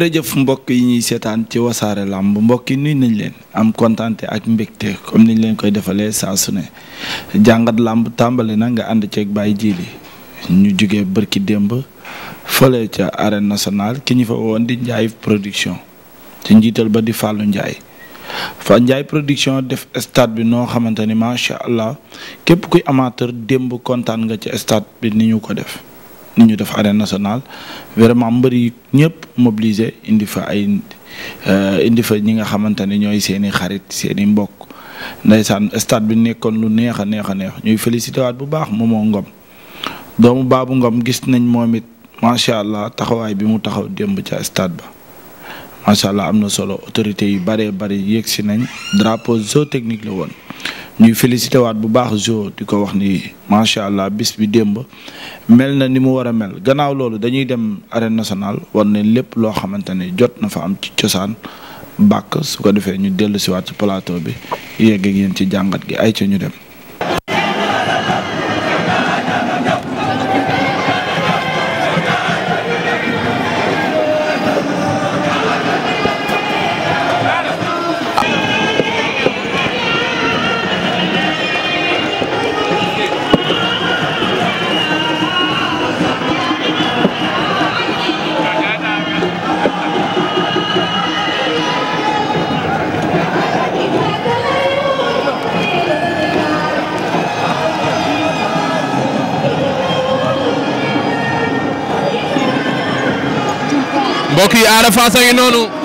jërëjëf mbokk yi ñuy seetaan ci wasaare làmb mbokk yi nuy nañ leen am kontante ak mbégte comme niñ leen koy defalee saa su ne jàngat làmb tàmbali na nga ànd ceeg Baye Djily ñu jugee bërki démb fole ca arène national ki ñu fa woon di Ndiaye production ci njiital ba di Fallou Ndiaye fa njaay production def state bi noo xamante ni macha allah képp kuy amateur démb kontaan nga ci state bi ni ñu ko def. ni ñu def arène nationale vraiment mbër yi ñëpp mobiliser indi fa ay euh, indi fa ñi nga xamante ne ñooy seen i xarit seen i mbokk ndaysaan stade bi nekkoon lu neex a neex a neex ñuy félicité waat bu baax moomoo Ngom doomu baabu Ngom gis nañ moom it macha allah taxawaay bi mu taxaw démb ca stade ba macha allah am na solo autorités yu bëree bëri yegg si nañ drapeau zootechnique la woon. ñuy félicité waat bu baax jo di ko wax ni macha allah bis bi démb mel na ni mu war a mel gannaaw loolu dañuy dem arène nationale war ne lépp loo xamante ne jot na fa am ci cosaan bakk su ko defee ñu dellu siwaat ci plateau bi yegg ak yéen ci jàngat gi ay ca ñu dem Ada Fass a ngi noonu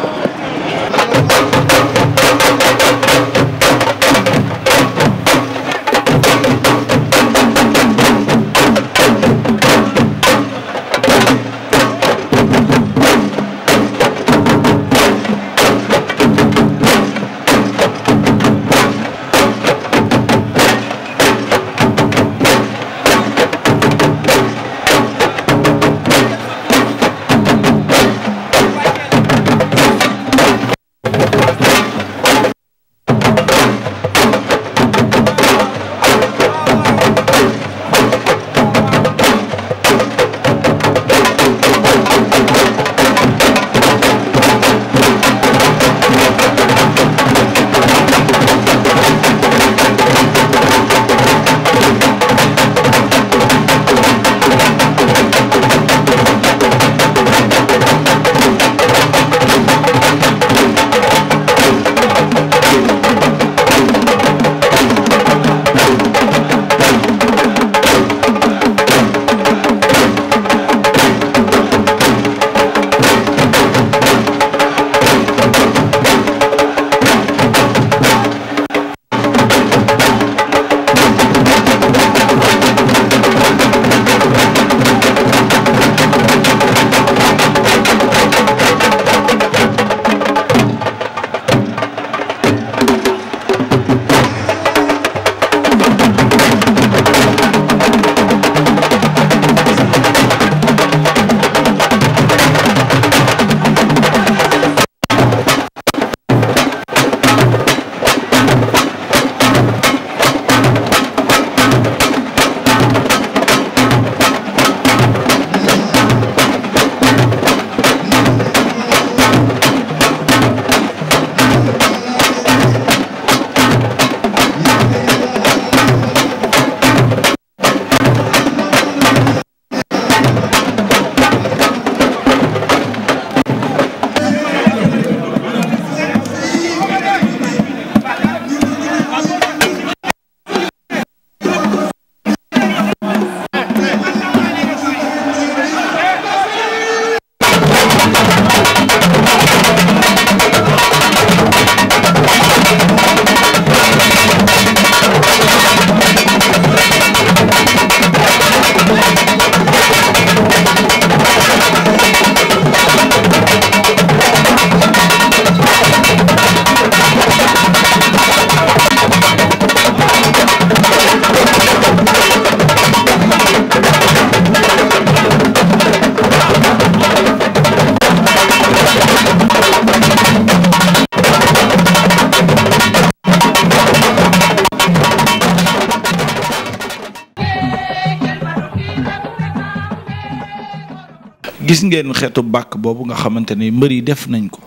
gis ngeen xeetu bàkk boobu nga xamante ni mbër yi def nañ ko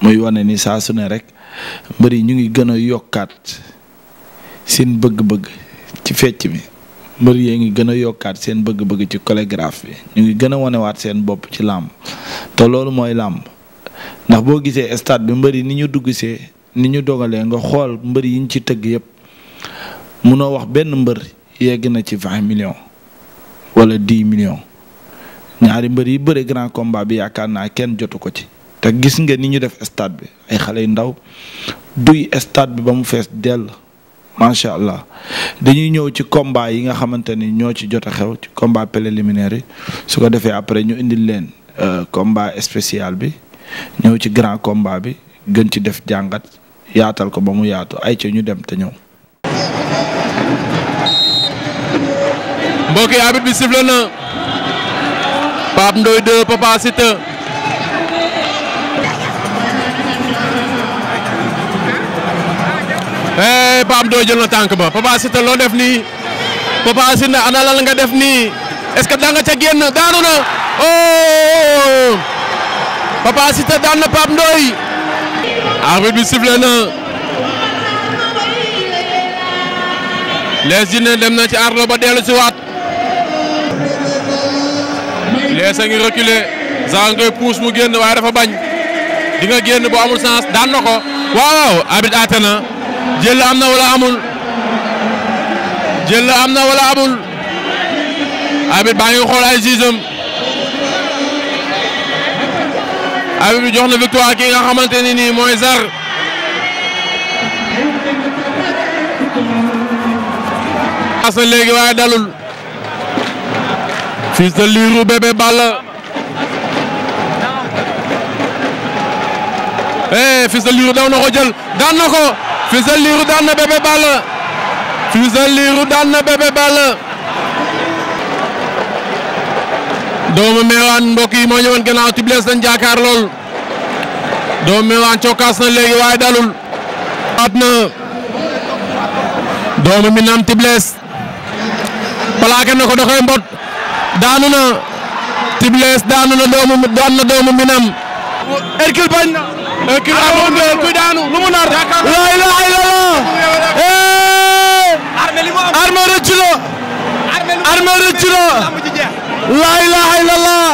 muy wane ni saa su rek mbër yi ñu ngi gën a yokkaat seen bëgg-bëgg ci fecc mi mbër yee ngi gën a yokkaat seen bëgg-bëgg ci chorégraphe bi ñu ngi gën a wanewaat seen bopp ci làmb te loolu mooy làmb ndax boo gisee stade bi mbër yi ni ñu duggsee ni ñu dogalee nga xool mbër yi ñu ci tëgg yëpp munoo wax benn mbër yegg na ci vingt million wala dix million ñaari mbër yi bëre grand combat bi yaakaar naa kenn jotu ko ci. te gis nga ni ñu def stade bi ay xale yu ndaw duy stade bi ba mu fees dell macha allah dañuy ñëw ci combat yi nga xamante ni ñoo ci jot a xew ci combat préliminaire yi su ko defee après ñu indil leen euh, combat spécial bi ñëw ci grand combat bi gën ci def jàngat yaatal ko ba mu yaatu ay ca ñu dem te ñëw. Pape Ndoye 2 Papa Siteu hey Pape loo def Papa Siteu ana lan nga def nii est-ce que da nga ca na oh Papa Siteu daan na Pape Ndoye. bi sifflé na Less Djine dem na ci arlo ba dellu si waat Bees a ngi reculer puus mu génn waaye dafa bañ di génn bu amul sens daan na ko waaw waaw abit àtte jël am na wala amul jël am na wala amul abit baa ngi xool ay siisam abit jox na victoire ki nga xamante ni nii mooy Zale as na waaye dalul Fils de Lirou Bébé Balla eh Fils daw na ko daan na ko Fils de daan na Bébé Balla doomu Mewane mbokk yi moo ñëwoon gannaaw Tiblesse dañ jaakaar lool doomu Mewane cokkaas na léegi waaye dalul at na doomu mi naan Tiblesse plaqué na ko da koy mbot daanu na Tiblees daanu na doomu daan na doomu bañ na. Hercule amul mbéy lu mu nar. la ilaha illallah. armé rëcc la. armé la. la ilaha illallah.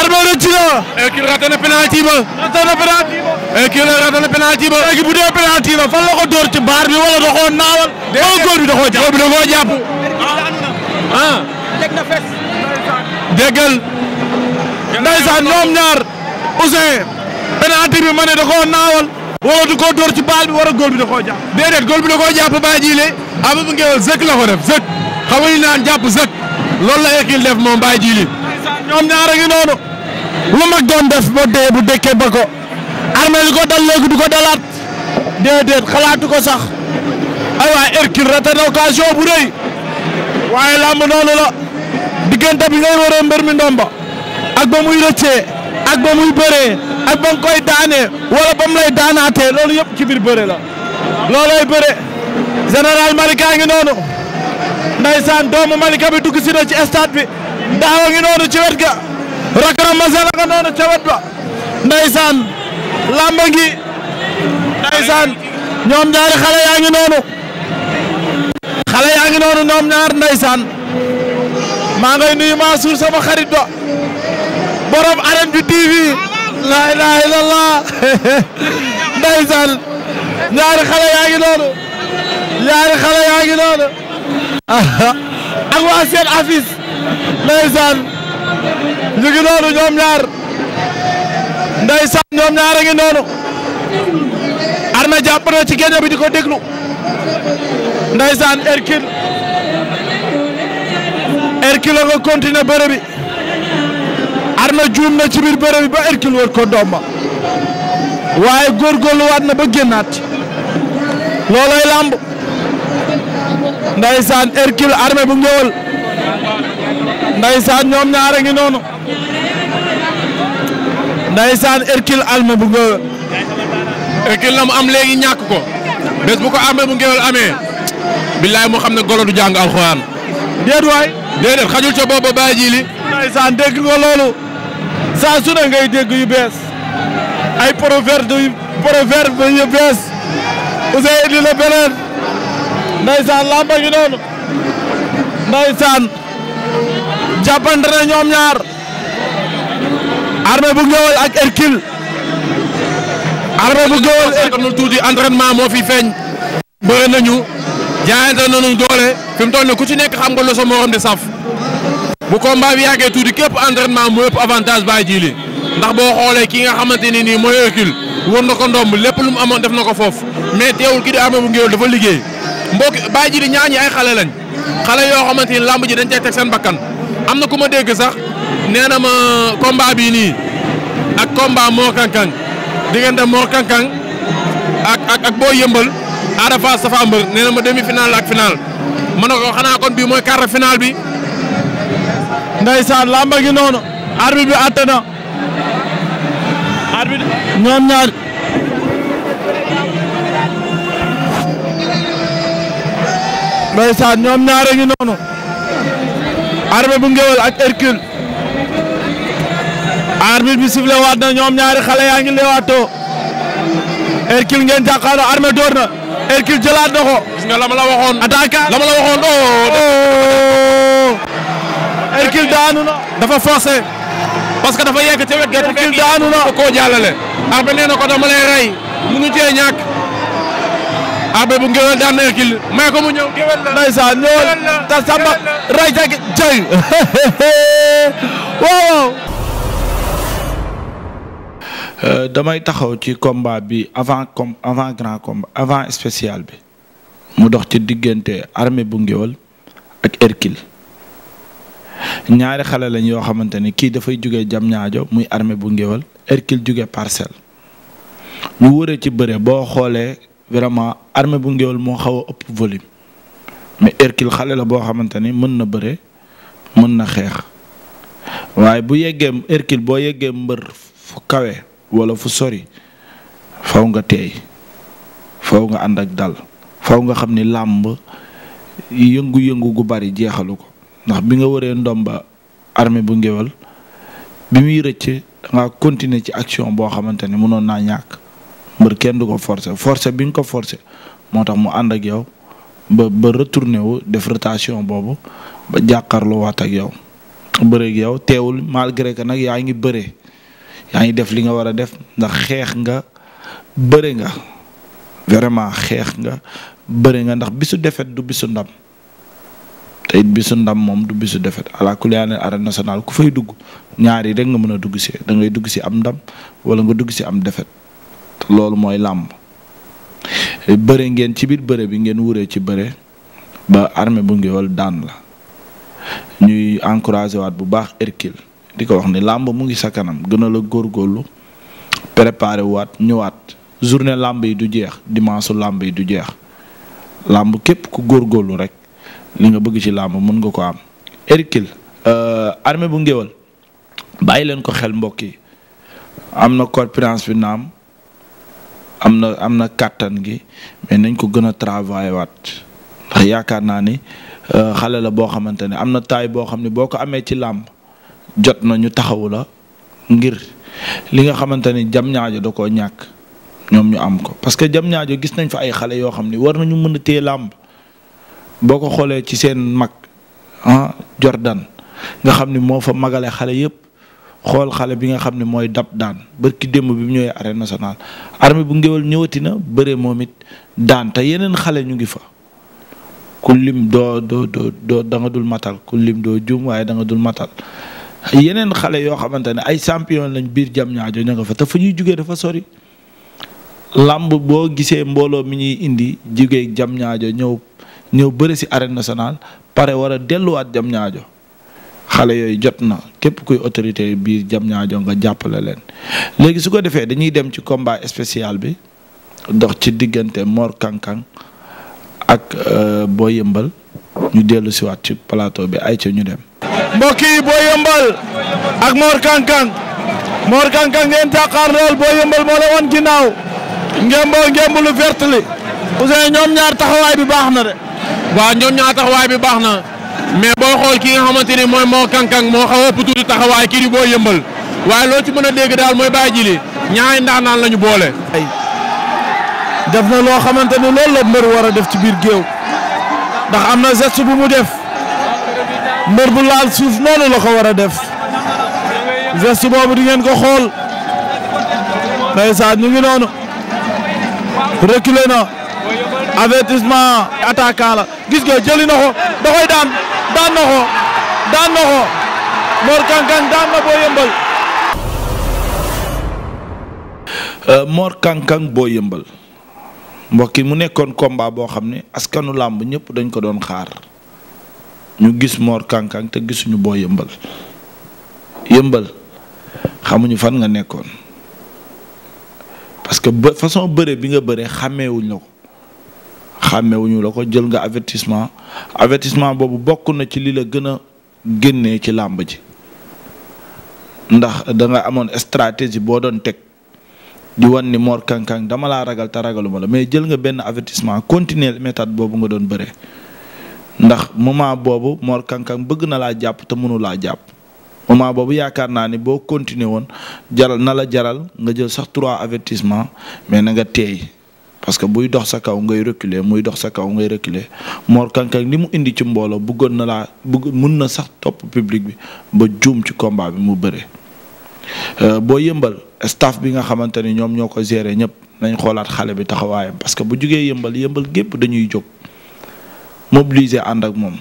armé rëcc la. Hercule raté na penalty ba. raté na penalty bu dee penalty ba ko dóor ci baar bi wala da koo naawal. déedéet góor bi da koo jàpp da koo ah. teg na fes. déggal. ndeysaan ñoom ñaar Ousseyn. penalty bi ma da koo naawal. wala du koo dóor baal bi wala góol bi da koo jàpp. déedéet góol bi da koo jàpp baa jiile. Ama bu zëkk la ko def zëkk. xam nga ñu naan zëkk. loolu la def moom baa ñoom ñaar a ngi noonu. lu mag doon def ba dee bu dëkkee ba ko. armé li ko dal léegi du ko dalaat. déedéet xalaatu ko sax. ay waa Hercule raté na occasion bu waaye lamb noonu la. diggante bi ngay wëree mbër mi ndomba ak ba muy rëccee ak ba muy bëree ak ba nga koy daanee wala ba mu lay daanaatee loolu yëpp ci biir bëre la loolooy bëre général Malika ngi noonu ndaysaan doomu Malika bi dugg ci stade bi daawa noonu ci wet ga rakana masala nga noonu ca wet ba ndaysaan lamba ngi ndaysaan ñoom ñaari xale yaa ngi noonu xale yaa noonu ñoom ñaar ndaysaan maa ngay nuyu Mansour sama xarit ba borom arène bi TV la ilaha illallah ndeysaan ñaari xale yaa ngi noonu ñaari xale yaa ngi noonu ak waa seen affiche ndeysaan ñu ngi noonu ñoom ñaar ndeysaan ñoom ñaar a ngi noonu Armé jàpp na ci génn bi di ko déglu ndeysaan Hercule Hercule nga continuer bëre bi Arna juum na ci biir bëre bi ba Hercule wër ko domba waaye góorgóorluwaat na ba génnaat loolay làmb ndaysaan Hercule armé bu ngéwël ndaysaan ñoom ñaara ngi noonu ndaysaan Hercule armé bu ngéwël Hercule la am léegi ñàkk ko bés bu ko armé bu ngéwël amee billaay mu xam ne golo du jàng alxuraan déet waay déedéet xajul ca boobu bàyyi ji li. dégg nga loolu saa su ngay dégg yu bees ay proverbe yu proverbe yu bees Ousseyn la beneen ndeysaan làmba ngi noonu ndeysaan jàppante na ñoom ñaar Armé bu Ngéwél ak Hercule Armé bu Ngéwél Hercule tuuti entraînement moo fi feeñ bëre nañu jaayante nañu doole fi mu toll nii ku ci nekk xam nga lu sa morom di saf bu combat bi yàggee tuuti képp entraînement mu ëpp avantage baa ji ndax boo xoolee ki nga xamante ni nii mooy Hercule wër na ko ndomb lépp lu amoon def na ko foofu mais teewul ki di amee bu ngéwél dafa liggéey mbokk baa ji li ñi ay xale lañ xale yoo xamante ni lamb ji dañ cay teg seen bakkan am na ku ma dégg sax nee na ma combat bii nii ak combat Mor Kankang diggante Mor Kankang ak ak ak boo Ada Fass Tapha Mbeur nee na ma demi final ak final ma ne ko xanaa kon bii mooy quart de final bi. Ndeysaan lamba gi noonu. arbitre bi àtte na. arbitre ñoom ñaar. Ndeysaan ñoom ñaar a ngi noonu. arbitre bu ngéwal ak Hercule. arbitre bi sifflé waat na ñoom ñaari xale yaa ngi leewaatoo. Hercule ngeen jàkkaarloo armé door na. Hercule jëlaat na ko. nga la ma la waxoon. attaque la ma la waxoon oh. oh. Hercule daanu na. dafa forcé parce que dafa yegg ca wet ga. Hercule daanu na da koo jàllale. arbe nee na ko dama lay rey. munu cee bu ngewel daan na may ko mu ñëw. ngewel la ndeysaan ñëwal. ngewel rey jag jëy Euh, damay taxaw ci combat bi avant com avant grand combat avant spécial bi mu dox ci diggante armée bu ngéwal ak erkil ñaari xale lañ yoo xamante ni kii dafay jóge jam ñaajo muy armée bu ngéwal erkil jóge parcelle mu wëree ci bëre boo xoolee vraiment armée bu ngéwal moo xaw a ëpp volume mais Hercule xale la boo xamante ni mën na bëre mën na xeex waaye bu yeggee Hercule boo yeggee mbër fu kawe wala fu sori faw nga teey faw nga ànd ak dal faw nga xam ni làmb yëngu-yëngu gu bari jeexalu ko ndax bi nga waree ndomba armée bu ngéwal bi muy rëcc nga continuer ci action boo xamante ni mënoon naa ñàkk mbër kenn du ko forcer forcer bi nga ko forcer moo tax mu ànd ak yow ba ba retourné wu def rotation boobu ba jàkkaarloo waat ak yow bëreeg yow teewul malgré que nag yaa ngi bëree yaa ngi def li nga war a def ndax xeex nga bëre nga vraiment xeex nga bëre nga ndax bisu defet du bisu ndam te it bisu ndam moom du bisu defet ala kuliane arène nationale ku fay dugg ñaar yi rek nga mën a dugg si da ngay dugg si am ndam wala nga dugg si am defet te loolu mooy làmb bëre ngeen ci biir bëre bi ngeen wuree ci bëre ba armée bu ngeewal daan la ñuy encouragé waat bu baax Hercule di ko wax ni làmb mu ngi sa kanam gën a la góorgóorlu préparé waat ñëwaat journée làmb yi du jeex dimanche làmb yi du jeex làmb képp ku góor góorlu rek li nga bëgg ci làmb mën nga ko am. Hercule euh, armée bu ngéwal bàyyi leen ko xel mbokk yi am na corpulence bi naam am na am na kàttan gi mais nañ ko gën a travailler waat yaakaar naa ni euh, xale la boo xamante ne am na taay boo xam ne boo ko amee ci làmb. jot na ñu taxawu la ngir li nga xamante ni jam ñaajo da koo ñàkk ñoom ñu am ko parce que jam ñaajo gis nañ fa ay xale yoo xam ni war nañu mën a téye làmb boo ko xoolee ci seen mag ah Jordan nga xam ni moo fa magale xale yëpp xool xale bi nga xam ne mooy dab daan bërki démb bi mu ñëwee arène nationale arme bu ngéwal ñëwati na bëre moom it daan te yeneen xale ñu ngi fa ku lim doo doo doo doo da nga dul matal ku doo juum waaye da dul matal yeneen xale yoo xamante ne ay champion lañ biir jam ñaajo ña nga fa te ñuy jugee dafa sori làmb boo gisee mbooloo mi ñuy indi jugee jam ñëw ñëw bari si arène nationale pare war a delluwaat jam ñaajo xale yooyu jot na képp kuy autorité biir jam ñaajo nga jàppale leen léegi su ko defee dañuy dem ci combat spécial bi dox ci diggante Mor Kankang ak euh, boo Yëmbal ñu dellu siwaat ci plateau bi ay ca ñu dem mbokk yi Boy Yeumbeul ak Mor Kang Kang Mor Kang Kang ngeen jàkkaar lool Boy Yeumbeul moo la woon ginnaaw ngemboo ngembu lu vert li Ousseyn ñoom ñaar taxawaay bi baax na de waaw ñoom ñaar taxawaay bi baax na mais boo xool ki nga xamante ni mooy moo Kang moo xaw a ëpp tuuti taxawaay kii di Boy Yeumbeul waaye loo ci mën a dégg daal mooy bàyyi jili ñaari ndaanaan la ñu boole def na loo xamante ni loolu la mbër war a def ci biir géew ndax am na geste bu mu def mbër bu laal suuf noonu la ko war a def geste boobu di ngeen ko xool ndeysaan ñu ngi noonu reculé na avertissement attaquant la gis nga jëli na ko da koy daan daan na ko daan na ko Mor Kang Kang daan na Boy Yeumbeul. Euh, Mor Kang Kang Boy Yeumbeul mu nekkoon combat boo xam ne askanu làmb ñëpp dañ ko doon xaar. ñu gis Mor Kànkang te gisuñu boo yëmbal yëmbal xamuñu fan nga nekkoon parce que ba façon bëre bi nga bëree xàmmeewuñ la ko xàmmewuñu la ko jël nga avertissement avertissement boobu bokk na ci li la gën a génnee ci làmb ji ndax da amoon stratégie boo doon teg di wan ni Mor Kànkang dama laa ragal te ragaluma la mais jël nga benn avertissement continuer méthode boobu nga doon bëree. ndax moment boobu Mor Kankang bëgg na laa jàpp te mënu laa jàpp moment boobu yaakaar naa ni boo continuer woon jaral na la jaral nga jël sax trois avertissement mais na nga teey parce que buy dox sa kaw ngay reculer muy dox sa kaw ngay reculer moor Kankang li mu indi ci mbooloo buggoon na laa bëgg mun na sax topp public bi ba juum ci combat bi mu bëre. Euh, boo yëmbal staff bi nga xamante ni ñoom ñoo ko gérer ñëpp nañ xoolaat xale bi taxawaayam parce que bu jugee yëmbal yëmbal gépp dañuy jóg. mobiliser ànd ak moom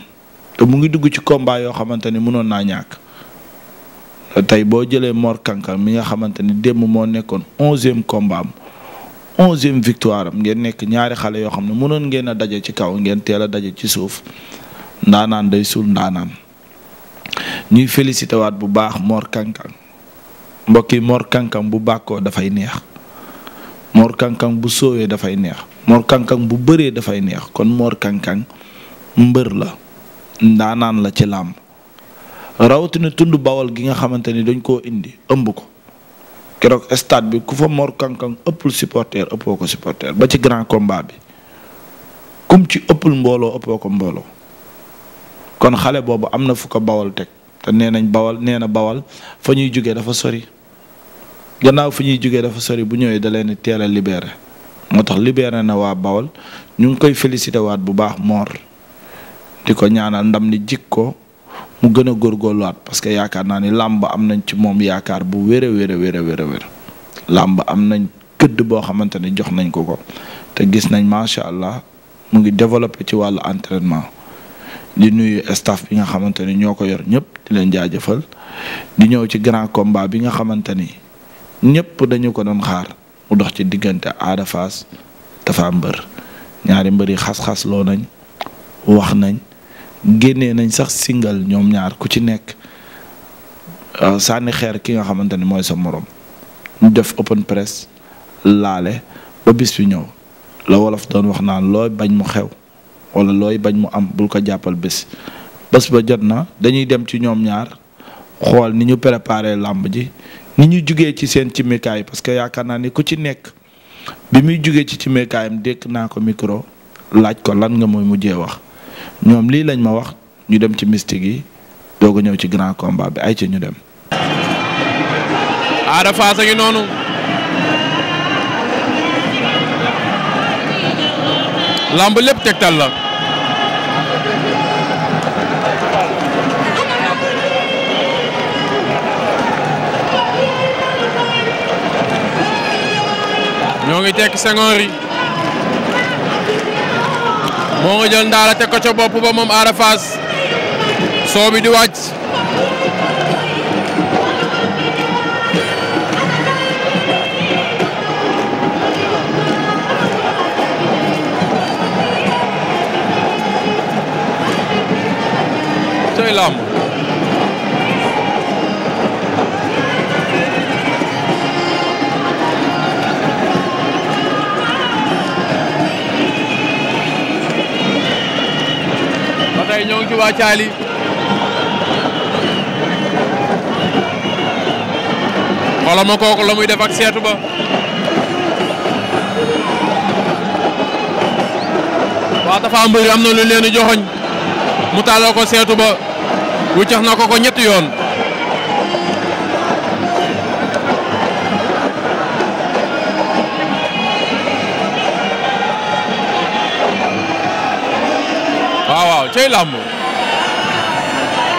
te mu ngi dugg ci combat yoo xamante ni mënoon naa ñàkk. tey boo jëlee Mor Kankan mi nga xamante ni démb moo nekkoon onzième combat am onzième victoire am ngeen nekk ñaari xale yoo xam ne mënoon ngeen a daje ci kaw ngeen teel a daje ci suuf ndaanaan day suul ndaanaan ñuy félicité waat bu baax Mor Kankan mbokk yi Mor Kankan bu bàkkoo dafay neex Mor Kankan bu soowee dafay neex Mor Kankan bu bëree dafay neex kon moor Kankan mbër la ndaanaan la ci làmb rawatina tund bawal gi nga xamante ni dañ koo indi ëmb ko keroog stade bi ku fa mor kankang ëppul supporter ëppoo ko supporter ba ci grand combat bi kum ci ëppul mbooloo ëppoo ko mbooloo kon xale boobu am na fu ko bawal teg te nee nañ bawal nee na bawal fa ñuy jógee dafa sori gannaaw fa ñuy jógee dafa sori bu ñëwee da leen teel libere moo tax libéré na waa bawal ñu ngi koy félicité waat bu baax moor di ko ñaanal ndam li jik ko mu gën a góorgóorluwaat parce que yaakaar naa ni làmb am nañ ci moom yaakaar bu wér a wér a wér a wér làmb am nañ këdd boo xamante ne jox nañ ko ko te gis nañ macha allah mu ngi développé ci wàllu entraînement di nuyu staff bi nga xamante ni ñoo ko yor ñëpp di leen jaajëfal di ñëw ci grand combat bi nga xamante ni ñëpp dañu ko doon xaar mu dox ci diggante Ada Fass Tapha mbër ñaari mbër yi xas-xas nañ wax nañ. génnee nañ sax single ñoom ñaar ku ci nekk euh, sànni xeer ki nga xamante ni mooy sa moroom ñu def open press laale ba bis bi ñëw la wolof doon wax naan looy bañ mu xew wala looy bañ mu am bul ko jàppal bés bés ba jot na dañuy dem ci ñoom ñaar xool ni ñu préparé làmb ji ni ñu jugee ci seen cimikaay parce que yaakaar naa ni ku ci nekk bi muy jugee ci cimikaayam dékk naa ko micro laaj ko lan nga mooy mujjee wax. ñoom lii lañ ma wax ñu dem ci mystique yi doog a ñëw ci grand combat bi ay ci ñu dem. Ada Fass a ngi noonu. lamb lépp tegtal la. ñoo ngi tekki sengoor yi. moo nga jël ndaala teg ko ca bopp ba moom Ada Fass soo bi di wàcc cay làmb yi ñoo ngi ci wàccaay li la muy def ak seetu ba waa dafa mbëri am na lu leen di joxoñ mu taaloo ko seetu ba wuccax na ko ko ñetti yoon cey làmb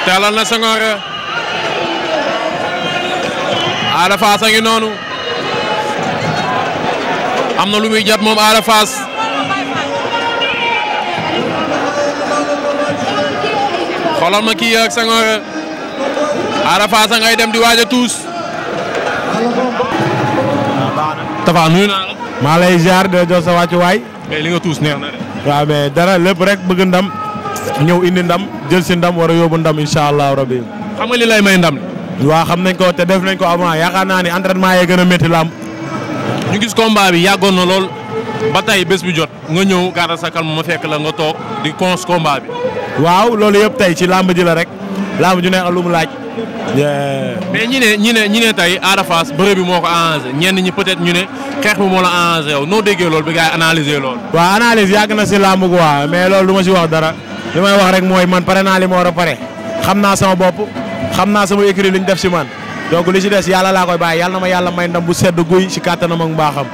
teelal na Senghor Ada Fass a ngi noonu am na lu muy jat moom Ada Fass ma kii ak Senghor Ada Fass a dem di waaj a tuus Tafa naa la maa di la jox waay mais li nga tuus neex na de dara lépp rek bëgg ñëw indi ndam jël si ndam war a yóbbu ndam incha allah rabi. xam nga li may ndam. waaw xam nañ ko te def nañ ko avant yaakaar naa ni entraînement yee gën a métti làmb. ñu gis combat bi yàggoon na lool ba tey bés bi jot nga ñëw garda sa calme ma fekk la nga toog di cons combat bi. waaw loolu yëpp tey ci làmb ji la rek làmb ju neex lu mu laaj. mais ñi ne ñi ne ñi ne tey Ada Fass bi moo ko arrangé ñenn ñi peut ñu ne xeex bi moo la arrangé yow noo déggee lool bi gars yi analysé li may wax rek mooy man pare naa li ma war a pare xam naa sama bopp xam naa sama écrit li ñu def si man donc li si des yàlla laa koy baax yàlla na ma yàlla may ndam bu sedd guy si kàttanam ak mbaaxam.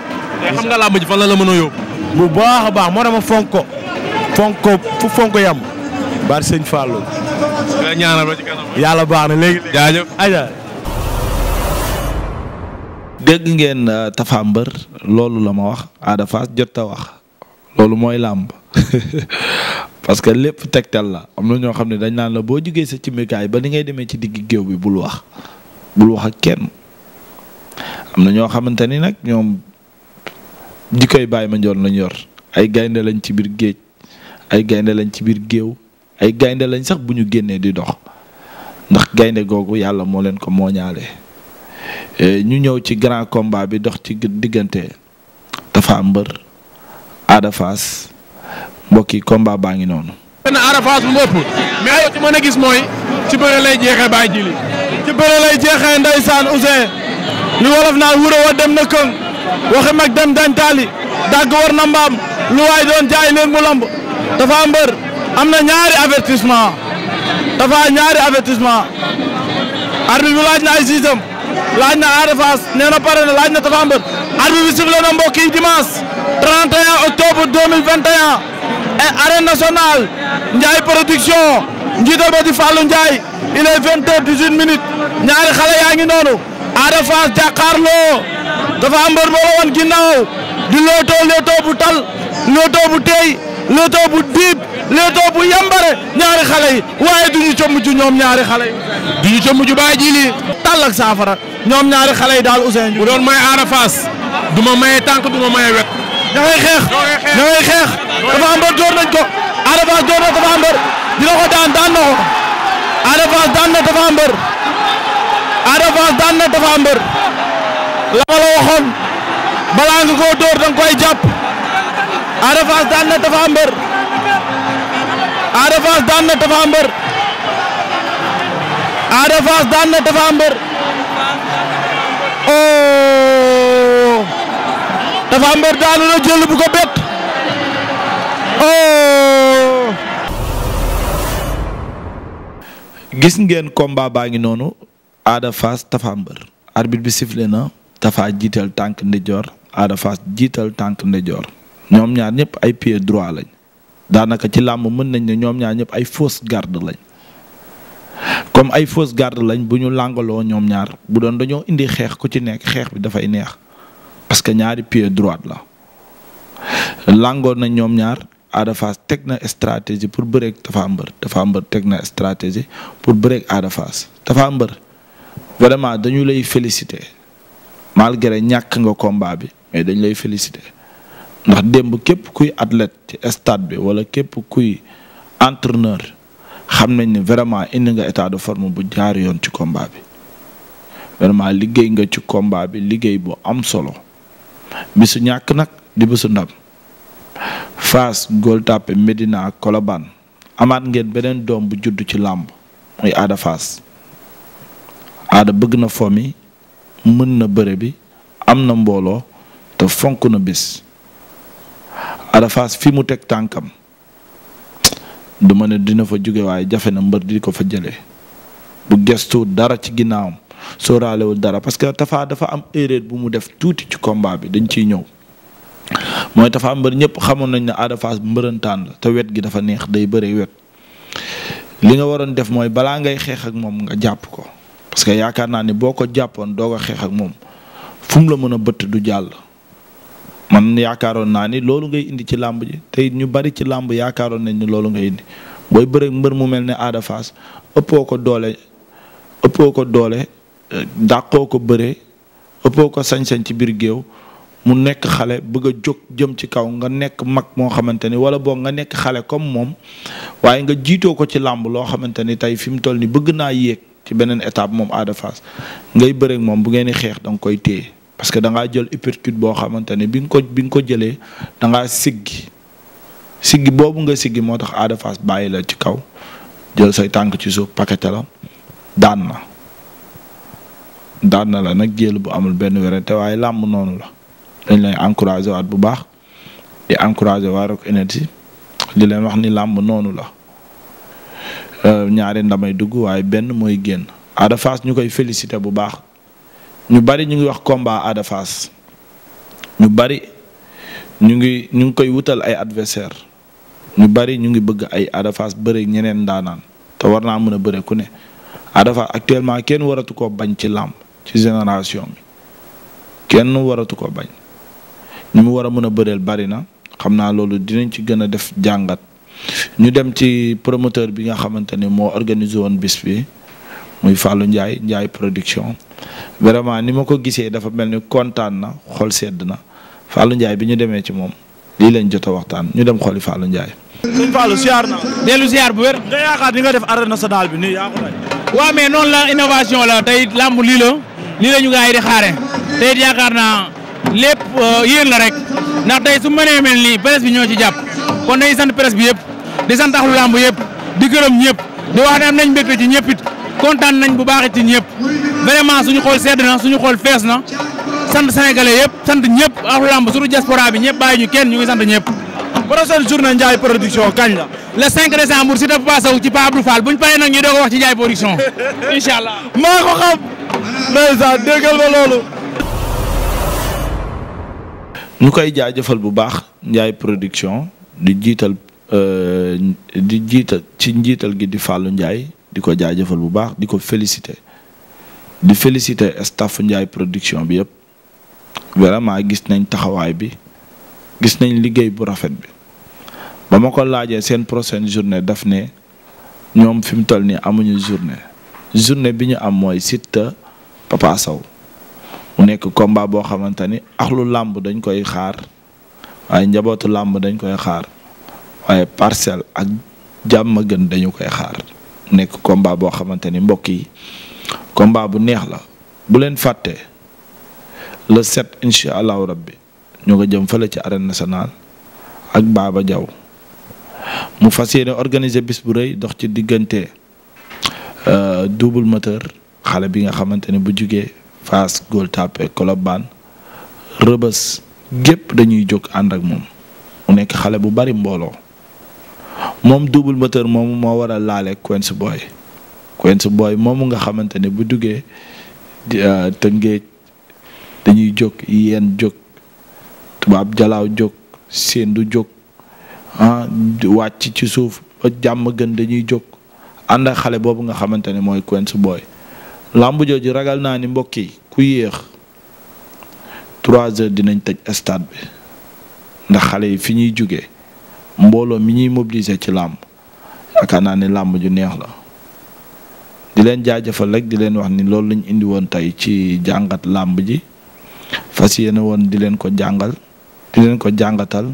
te xam nga làmb ji fan la la mën a yóbbu. bu baax a baax moo dama fonk ko fonk ko fu fonk yam baal sëñ Fallou. ñaanal yàlla baax na léegi. jaajëf aja dégg ngeen euh, Tapha Mbeur loolu la ma wax Ada Fass jot a wax loolu mooy làmb parce que lépp tegtal la am na ñoo xam ne dañ naan la boo jugee sa cimikaay ba ni ngay demee ci digg géew bi bul wax bul wax ak kenn am na ñoo xamante ni nag ñoom jikkoy bàyyi ma njoon lañ yor ay gaynde lañ ci biir géej ay gaynde lañ ci biir géew ay gaynde lañ sax bu ñu génnee di dox ndax gaynde googu yàlla moo leen ko mooñaale e, ñu ñëw ci grand combat bi dox ci diggante dafa am mbër Ada mbokk yi combat baa ngi noonu. benn arafas bu ëpp gis mooy ci bëre lay jeexee bàyyi jili ci bëre lay jeexee ndeysaan Ousseyn li wolof wuro wa dem na këng waxi mag dem dañ taali dàgg war na lu waay doon jaay leen mu lamb dafa mbër am na ñaari avertissement dafa ñaari avertissement arbitre bi laaj na ay siisam laaj na arafas nee na pare na laaj na dafa mbër bi sifflé na mbokk yi dimanche 31 octobre 2021 arène nationale Ndiaye production njiital ba di Fallou Ndiaye il est vingt heures dix-huit minutes ñaari xale yaa ngi noonu Ada Fass dafa am mbër boo la woon ginnaaw di lootoo lootoo bu tal lootoo bu tey lootoo bu diib lootoo bu yambare ñaari xale yi waaye du ñu cëmm ju ñoom ñaari xale yi. du ñu cëmm ju bàyyi tal ak saafara ñoom ñaari xale yi daal Ousseynou. bu doon may Ada Fass du ma maye tànk du ma maye wet. ña ngay xeex ña ngay xeex Tapha Mbeur na Tapha Mbeur dina ko daan daan na ko Ada Fass daan na Tapha Ada Fass daan na Tapha la ma la waxoon balaa nga koo door danga koy jàpp Ada Fass daan na Tapha Ada Fass daan na Tapha Mbeur Tapha Mbeur daanu na jël bu ko bett oh. gis ngeen combat baa ngi noonu aada fas Tapha Mbeur arbitre bi sifflé na Tapha jiital tànk ndijoor Ada jiital tànk ndijoor ñoom ñaar ñëpp ay pied droit lañ daanaka ci làmb mën nañ ne ñoom ñaar ñëpp ay fausse garde lañ comme ay fausse garde lañ bu ñu làngaloo ñoom ñaar bu doon dañoo indi xeex ku ci nekk xeex bi dafay neex parce que ñaari pied droit la langoon na ñoom ñaar Ada teg na stratégie pour bëreeg dafa Mbeur Tapha Mbeur teg na stratégie pour bëreeg Ada Fass Tapha Mbeur vraiment dañu lay félicité malgré ñàkk nga combat bi mais dañu lay félicité ndax démb képp kuy athlète ci stade bi wala képp kuy entraîneur xam nañ ne vraiment indi nga état de forme bu jaar yoon ci combat bi vraiment liggéey nga ci combat bi liggéey bu am solo. bisu ñàkk nag di bisu ndam Fass Gueule Tapée Médina Colobane amaat ngeen beneen doom bu judd ci làmb muy aada Fass Ada bëgg na fomi mën na bëre am na mbooloo te fonk na bis Ada Fass fi mu teg tànkam duma ne dina fa jóge waaye jafe na mbër di ko fa jële bu gestu dara ci ginnaawam sóoraalewul dara parce que Tafa dafa am erreur bu mu def tuuti ci komba bi dañ ciy ñëw. mooy Tafa mbër ñëpp xamoon nañ ne Ada mbërantaan la te wet gi dafa neex day bëree wet li nga waroon def mooy balaa ngay xeex ak moom nga jàpp ko parce que yaakaar naa ne boo ko jàppoon doog a xeex ak moom fu mu la mën a bëtt du jàll. man yaakaaroon naa ni loolu ngay indi ci làmb ji te ñu bari ci làmb yaakaaroon nañ ni loolu ngay indi booy bëre mbër mu mel ne Ada ëppoo ko doole ëppoo ko doole. Euh, dàqoo ko bëre ëppoo ko sañ-sañ ci biir géew mu nekk xale bëgg a jóg jëm ci kaw nga nekk mag moo xamante ni wala boog nga nekk xale comme moom waaye nga jiitoo ko ci làmb loo xamante ni tey fi mu toll ni bëgg naa yéeg ci beneen étape moom Ada ngay bëreek moom bu ngeen di xeex da nga koy téye parce que da ngaa jël uppercut boo xamante ni bi nga ko bi nga ko jëlee da ngaa siggi siggi boobu nga siggi moo tax Ada Fass bàyyi la ci kaw jël say tànk ci suuf paquet la daan na. daan la nag jël bu amul benn werante waaye làmb noonu la dañ lay encouragé waat bu baax di encouragé waa Rock Énergie di leen wax ni làmb noonu la euh, ñaari ndamay dugg waaye benn mooy génn Ada ñu koy félicité bu baax ñu bari ñu ngi wax combat adafas ñu bari ñu ngi ñu ngi koy wutal ay adversaire ñu bari ñu ngi bëgg ay Ada Fass ñeneen daanaan te war naa mën a bëre ku ne Ada actuellement kenn waratu ko bañ ci làmb ci génération bi kenn waratu ko bañ ñu mu war a mën a bëreel bari na xam naa loolu dinañ ci gën a def jàngat ñu dem ci promoteur bi nga xamante ni moo organisé woon bis bi muy Fallou njaay njaay production vraiment ni ma ko gisee dafa mel ni kontaan na xol sedd na Fallou njaay bi ñu demee ci moom lii lañ jot waxtaan ñu dem xooli Fallou njaay suñ Fallou siyaar na dellu siyaar bu wér. nga yaakaar ni nga def arène nationale bi nii yaa ko waaw mais noonu lii la ñu gars yi di xaare te it yaakaar naa lépp euh, yéen la rek ndax tey su mënee mel nii presse bi ñoo ci jàpp kon dañuy sant presse bi yëpp di sant axlu làmb yëpp di gërëm ñëpp di wax ne am nañ ci ñëpp kontaan nañ bu baax ci ñëpp vraiment suñu xool sedd na suñu xool fees na sant sénégalais yëpp sant ñëpp axlu làmb surtout diaspora bi ñëpp bàyyi ñu kenn ñu ngi sant ñëpp. prochaine na Ndiaye production kañ la. le 5 décembre si dafa passé ci Pa Abdou Fall bu ñu a wax ci Ndiaye production incha allah maa ndeysaan déggal ma loolu. ñu koy jaajëfal bu baax njaay production di jiital euh, di jiital ci njiital gi di Fallou Ndiaye di ko jaajëfal bu baax di ko féliciter di féliciter staff Ndiaye production bi yëpp vraiment gis nañ taxawaay bi gis nañ liggéey bu rafet bi ba ma ko laajee seen prochaine journée daf ne ñoom fi mu toll nii amuñu journée journée bi ñu am mooy Siteu Papa mu nekk combat boo xamante ni axlu làmb dañ koy xaar waaye njabootu làmb dañ koy xaar waaye parcelle ak jàmm gën dañu koy xaar nekk combat boo xamante ni mbokk yi combat bu neex la bu leen fàtte le sept incha allahu rabbi ñu nga jëm fële ci arène national ak Baba Diaw mu fas yéene organiser bis bu rëy dox ci diggante euh, double moteur. xale bi nga xamante ne bu jugee Fass Gueule Tapée Colobane Rebeuss gépp dañuy jóg ànd ak moom mu nekk xale bu bari mbooloo moom double moteur moomu moo war a laale Quench Boy booy moom mu nga xamante ne bu duggee euh, Tëngéej dañuy jóg yeen jóg tubaab jalaaw jóg séendu jóg ah wàcc ci suuf ba jàmm gën dañuy jóg ànd ak xale boobu nga xamante ne mooy Quench booy làmb jooju ragal naa ni mbokk yi ku yéex trois heures dinañ tëj stade bi ndax xale yi fi ñuy jóge mbooloo mi ñuy mobilisé ci làmb yaakaar naa ne làmb ju neex la di leen jaajëfal rek di leen wax ni loolu lañ indi woon tey ci jàngat làmb ji fas yéene woon di leen ko jàngal di leen ko jàngatal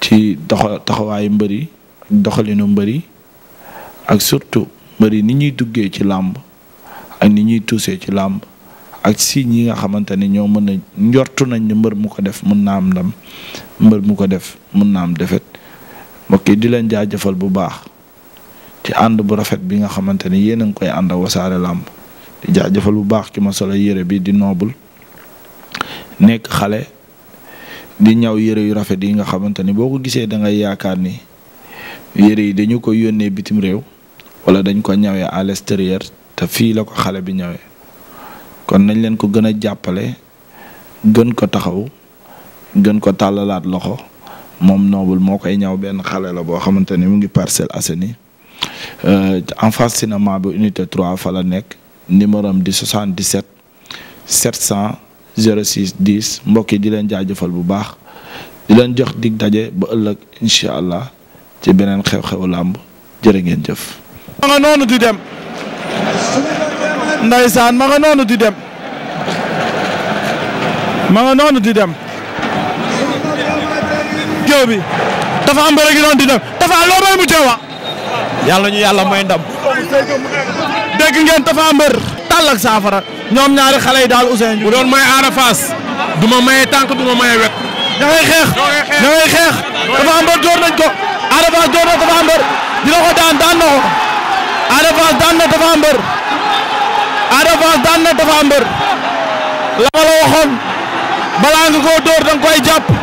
ci doxa taxawaayu mbër yi doxalinu mbër yi ak surtout mbër ni ñuy duggee ci làmb ak ni ñuy tuusee ci làmb ak si ñi nga xamante ni ñoo mën a njortu nañ mbër mu ko def mën naa am ndam mbër mu ko def mën naa am defet mbokk yi di leen jaajëfal bu baax ci ànd bu rafet bi nga xamante ni yéen a ngi koy ànd ak wasaare làmb di bu baax ki ma solo yére bi di noobul nekk xale di ñaw yére yu rafet yi nga xamante ni boo ko gisee da ngay yaakaar ni yére yi dañu ko yónnee bitim réew wala dañ ko ñawee à l'extérieur te fii la ko xale bi ñëwee kon nañ leen ko gën a jàppale gën ko taxaw gën ko tàllalaat loxo moom noobul moo koy ñaw benn xale la boo xamante ni mu ngi Parcelles Assainies euh, en face cinéma bi unité 3 fa la nekk numéro am di 77 700 06 10 mbokk yi di leen jaajëfal bu baax di leen jox dig daje ba ëllëg incha allah ci beneen xew xew làmb jërë ngeen jëf. Ndeysaan ma nga noonu di dem ma nga noonu di dem. géew gi noonu di dem dafa loo may mujjee wax. yàlla ñu yàlla may ndam. dégg ngeen dafa saafara ñoom ñaari xale yi daal Ousseynou. bu doon may Ada Fass du ma maye tànk du ma xeex da xeex dafa am mbër door nañ ko. na dafa am ko daan daan na ko Ada daan na dafa Ada Fass daan na Tapha Mbeur la ma la waxoon balaa nga koo dóor danga koy jàpp